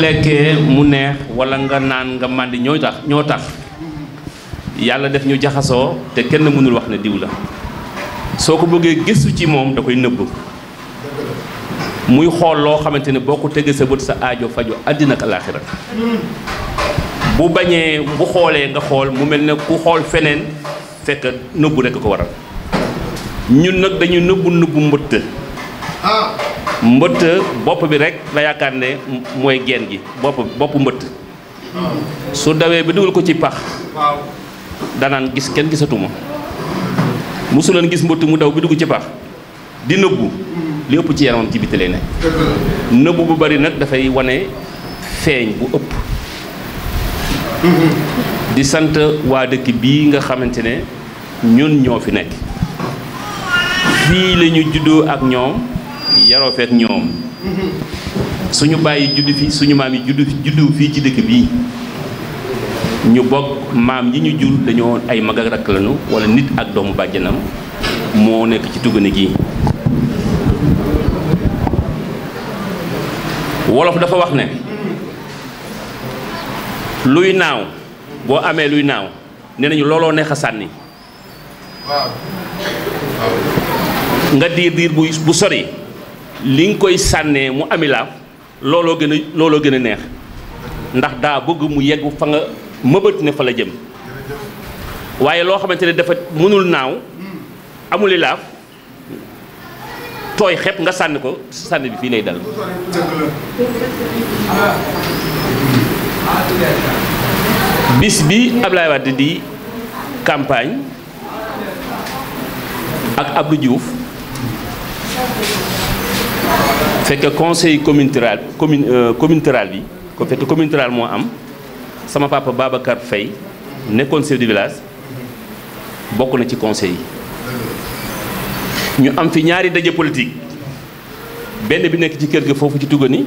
lekkee mu neex walla nga naan nga màndi ñoo tax ñoo tax yàlla def ñu jaxasoo te kenn mënul wax ne diwla soo ko bëggee gëstu ci moom da koy nëbb muy xool loo xamante ne boo ko tegee sa bët sa ajo fajo àddina ak alaaxira bu bañee bu xoolee nga xool mu mel ne ku xool feneen fekk nëbb rekk ko waral ñun nag dañu nëbb nëbb mbëtt ah. mbëtt bopp bi rek la yaakaar ne mooy geen gi bopp bopp mbëtt su dawee bi dugal ko ci pax danaan gis kenn gisatuma mosu gis mbëtt mu daw bi dugg ci pax di nëbbu li ëpp ci yaramam ci biti lay ne nëbbu bu bari nag dafay wane feeñ bu ëpp di sant waa dëkk bii nga xamante ne ñun ñoo fi nekk fii la ñu juddoo ak ñoom yaroo feek ñoom suñu bàyyi juddu fi suñu maam yi juddu juddu fii ci dëkk bii ñu bokk maam yi ñu jur dañoo ay mag ak rakk wala nit ak doomu bàjjanam moo nekk ci tuggane gi wolof dafa wax ne luy naaw boo amee luy naaw ne nañu looloo neex a sànni nga diir diir bu bu sori li nga koy sànnee mu amilaaf looloo gën a looloo gën a neex ndax daa bëgg mu yegg fa nga mëbët ne fa la jëm waaye loo xamante ne dafa mënul naaw amul ilaaf tooy xepp nga sànni ko sànni bi fii lay dal bis bi Ablaye Wade di campagne ak Abdou Diouf fekk conseil communautaire commune euh, communautaire bi ko fekk communautaire moo am sama papa Babacar Faye nekkoon chef du village bokk na ci conseil yi ñu am fi ñaari daje politique benn bi nekk ci kër gi foofu ci Tugani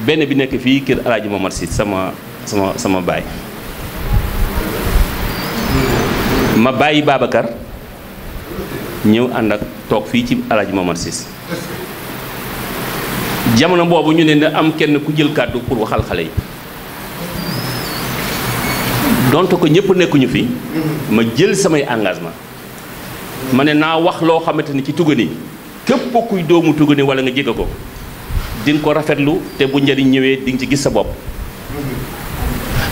benn bi nekk fii kër Alaaji Momar Si sama sama sama baay ma bàyyi Babacar ñëw ànd ak toog fii ci Alaaji Momar Sis jamono boobu ñu ne na am kenn ku jël kàddu pour waxal xale yi donte ko ñëpp nekkuñu fi ma jël samay engagement ma ne naa wax loo xamante ni ci Tugani képp kuy doomu Tugani wala nga jege ko di ko rafetlu te bu njëriñ ñëwee di nga ci gis sa bopp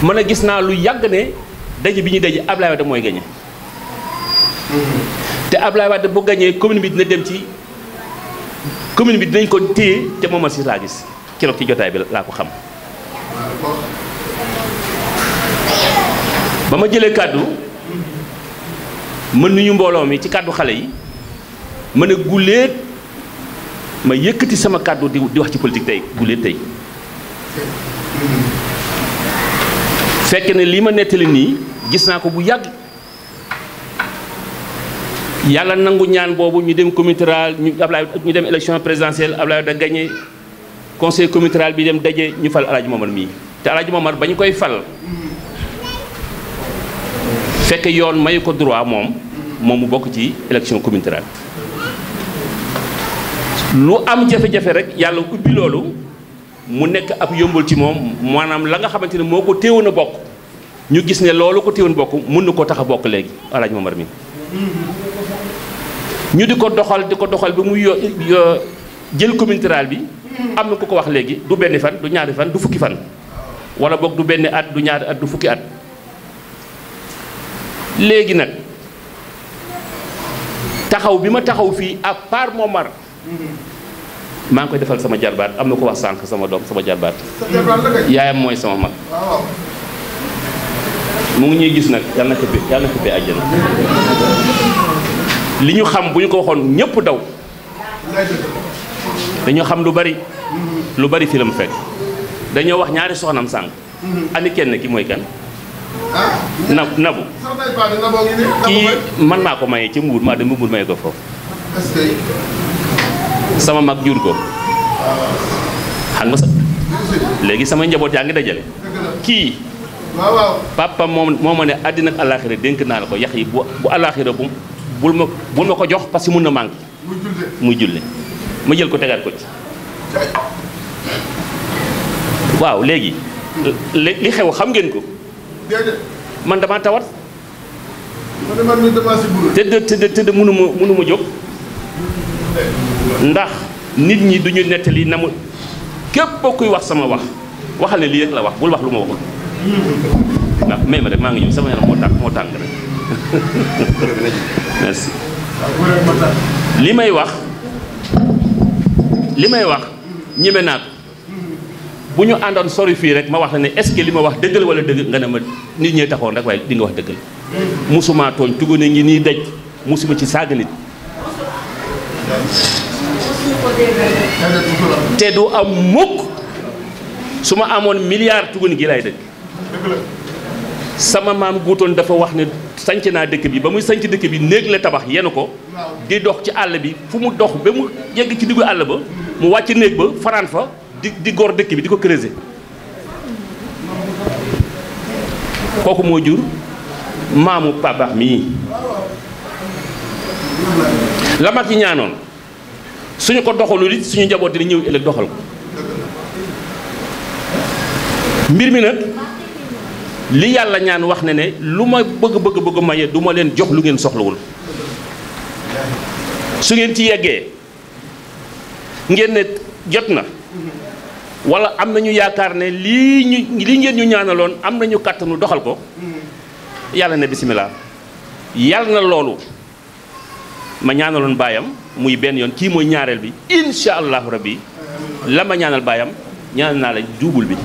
mën ne gis naa lu yàgg ne daje bi ñu daje Ablaye Wade mooy gañe te Ablaye Wade bu gañee commune bi dina dem ci commune bi dinañ ko téye te moom si laa gis keroog ci jotaay bi laa ko xam. ba ma jëlee kàddu mën nuñu mbooloo mi ci kàddu xale yi ma ne guléet ma yëkkati sama kàddu di di wax ci politique tey guléet tey fekk ne li ma nettali nii gis naa ko bu yàgg. yàlla nangu ñaan boobu ñu dem comité rural ñu Ablaye ñu dem élection présidentielle Ablaye da gagné conseil comité rural bi dem daje ñu fal Alaaji Momar mii te Alaaji Momar ba ñu koy fal fekk yoon mayu ko droit moom moom mu bokk ci élection comité rural lu am jafe-jafe rek yàlla ubbi loolu mu nekk ab yombul ci moom maanaam la nga xamante ne moo ko téewoon a bokk ñu gis ne loolu ko téewoon bokk mën na koo tax a bokk léegi Alaaji Momar mi ñu di ko doxal di ko doxal bi muy jël commune rurale bi am na ku ko wax léegi du benn fan du ñaari fan du fukki fan wala boog du benn at du ñaari at du fukki at léegi nag taxaw bi ma taxaw fii à part Momar maa ngi koy defal sama jarbaat am na ko wax sama doom sama jarbaat yaayam moy sama mag mu ngi ñuy gis nag yàlla na ko bi na ko bi li ñu xam bu ñu ko waxoon ñëpp daw dañoo xam lu bari lu bari fi la mu fekk dañoo wax ñaari soxnam sànq mm-hmm. ani kenn ki mooy kan ah, na nabu kii man maa ko maye ci mbuur maa dem mbuur maye ko foofu sama mag jur ko ah. xam sa léegi sama njaboot yaa ngi dajale ki papa moom moo ma ne àddina ak alaxira dénk naa la ko yax bu bu bu bul ma ko jox parce que mun na manqué muy julli ma jël ko tegaat ko ci waaw léegi li xew xam ngeen ko man dama tawat tëdd tëdd tëdd mënuma mënuma jóg ndax nit ñi duñu nettali na mu képp kuy wax sama wax waxal ne lii rek la wax bul wax lu waxul waaw hmm. may rek maa ngi ñëw sama yaram moo tàng moo tàng rek li may wax li may wax ñime naa ko bu ñu àndoon sori fii rek ma wax na ne est-ce li ma wax dëgg la wala dëgg nga ne ma nit ñee taxoon rek waaye dinga wax dëgg la musuma tooñ tugune ngi nii daj musuma ci sàgg nit te du am mukk su ma amoon milliard tugun gi lay dëgg sama maam guutoon dafa wax ne sanc naa dëkk bi ba muy sanc dëkk bi néeg la tabax yenu ko di dox ci àll bi fu mu dox ba mu yegg ci diggu àll ba mu wàcc néeg ba fanaan fa di di gor dëkk bi di ko creuser kooku moo jur maamu pabax mi la mag yi ñaanoon suñu ko doxalul it suñu njaboot dina ñëw ëllëg doxal ko mbir mi nag li yàlla ñaan wax na ne lu ma bëgg bëgg bëgg maye du leen jox lu ngeen soxlawul su ngeen ci yeggee ngeen ne jot na wala am nañu yaakaar ne lii ñu lii ngeen ñu ñaanaloon am nañu kàttanu doxal ko yàlla na bisimilah yàlla na loolu ma ñaanaloon baayam muy benn yoon kii mooy ñaareel bi incha allahu rabbi la ma ñaanal baayam ñaanal naa la juubul bi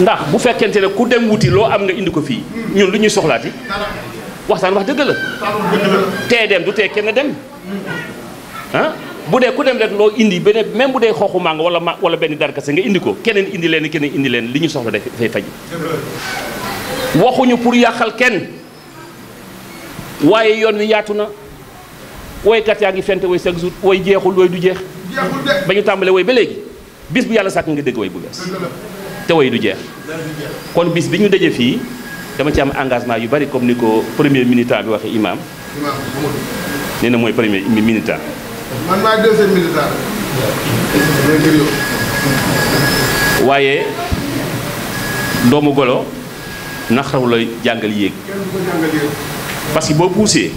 ndax bu fekkente ne ku dem wuti loo am nga indi ko fii ñun lu ñuy soxlaati waxtaan wax dëgg la tey dem du tee kenn dem ah bu dee ku dem rek loo indi beneen même bu dee xooxu màngo wala ma wala benn se nga indi ko keneen indi leen keneen indi leen li ñu soxla dafay faj waxuñu pour yàqal kenn waaye yoon wi yaatu na woykat yaa ngi fente woy chaque jours woy jeexul woy du jeex ba ñu tàmbalee woy ba léegi bis bu yàlla sàkk nga dégg woy bu bees te way du jeex kon bis bi ñu daje fii dama ci am engagement yu bari comme ni ko premier militant bi waxe imam nee na mooy premier militant waaye doomu golo na la jàngal yéeg parce que boo poussé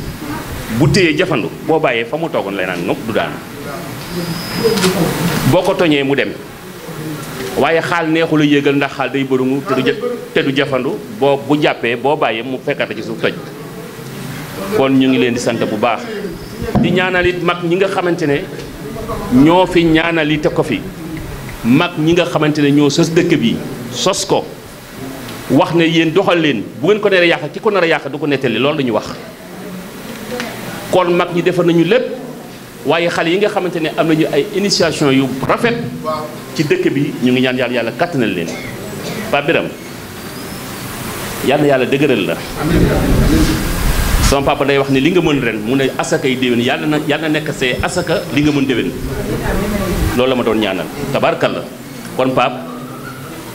bu téyee jafandu boo bàyyee fa mu toogoon lay naan nopp du daanu boo ko toñee mu dem waaye xaal neexula yégal yéegal ndax xaal day bërëmu te du te jafandu boo bu jàppee boo bàyyee mu fekkata ci suuf toj kon ñu ngi leen di sant bu baax di ñaanalit mag ñi nga xamante ne ñoo fi ñaanal it ko fi mag ñi nga xamante ne ñoo sos dëkk bi sos ko wax ne yéen doxal leen bu ngeen ko nar a yàq ki ko nar a yàq du ko nettali loolu la wax kon mag ñi defar nañu lépp waaye xale yi nga xamante ne am nañu ay initiation yu rafet ci dëkk bi ñu ngi ñaan yàlla yàlla kàttanal leen Pa Biram yàlla na yàlla dëgëral la sama papa day wax ne li nga mën ren mu ne asaka yi déwén yàlla na yàlla na nekk see asaka li nga mën déwén loolu la ma doon ñaanal tabaarkalla kon pap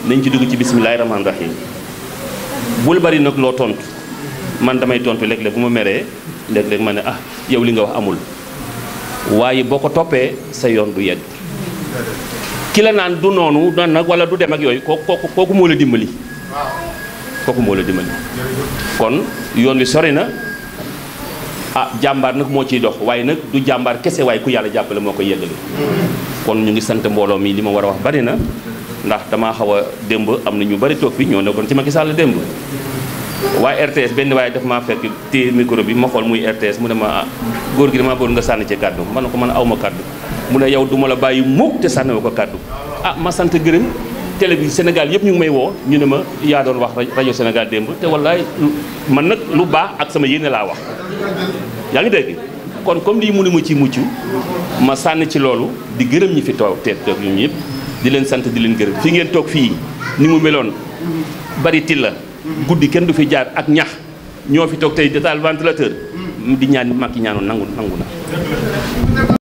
nañ ci dugg ci bismillaahi rahmaani rahiim bul bari nag loo tontu man damay tontu léeg-léeg bu ma meree léeg-léeg ma ne ah yow li nga wax amul waaye boo ko toppee sa yoon du yegg ki la naan du noonu noonu nag wala du dem ak yooyu kooku kooku moo la dimbali kooku moo la dimbali kon yoon wi sori na ah jàmbaar nag moo ciy dox waaye nag du jàmbaar kese waaye ku yàlla jàppale moo koy yeggale kon ñu ngi sant mbooloo mi li ma war a wax bari na ndax damaa xaw a démb am na ñu bari toog fi ñoo nekkoon ci Macky Sall démb waaye RTS benn waaye daf maa fekk téye micro bi ma xool muy RTS mu ne ma góor gi damaa bëgg nga sànni ci kàddu man na ko man aw ma kàddu mu ne yow du ma la bàyyi mukk te sànni ma ko kàddu ah ma sant gërëm télé bi Sénégal yëpp ñu ngi may woo ñu ne ma yaa doon wax rajo Sénégal démb te wallaay man nag lu baax ak sama yéene laa wax yaa ngi dégg kon comme lii mënu ma ci mucc ma sànni ci loolu di gërëm ñi fi toog teet toog ñoom ñëpp di leen sant di leen gërëm fi ngeen toog fii ni mu meloon bari til la guddi kenn du fi jaar ak ñax ñoo fi toog tey détail ventilateur di ñaan Macky ñaanoon nangu nangu na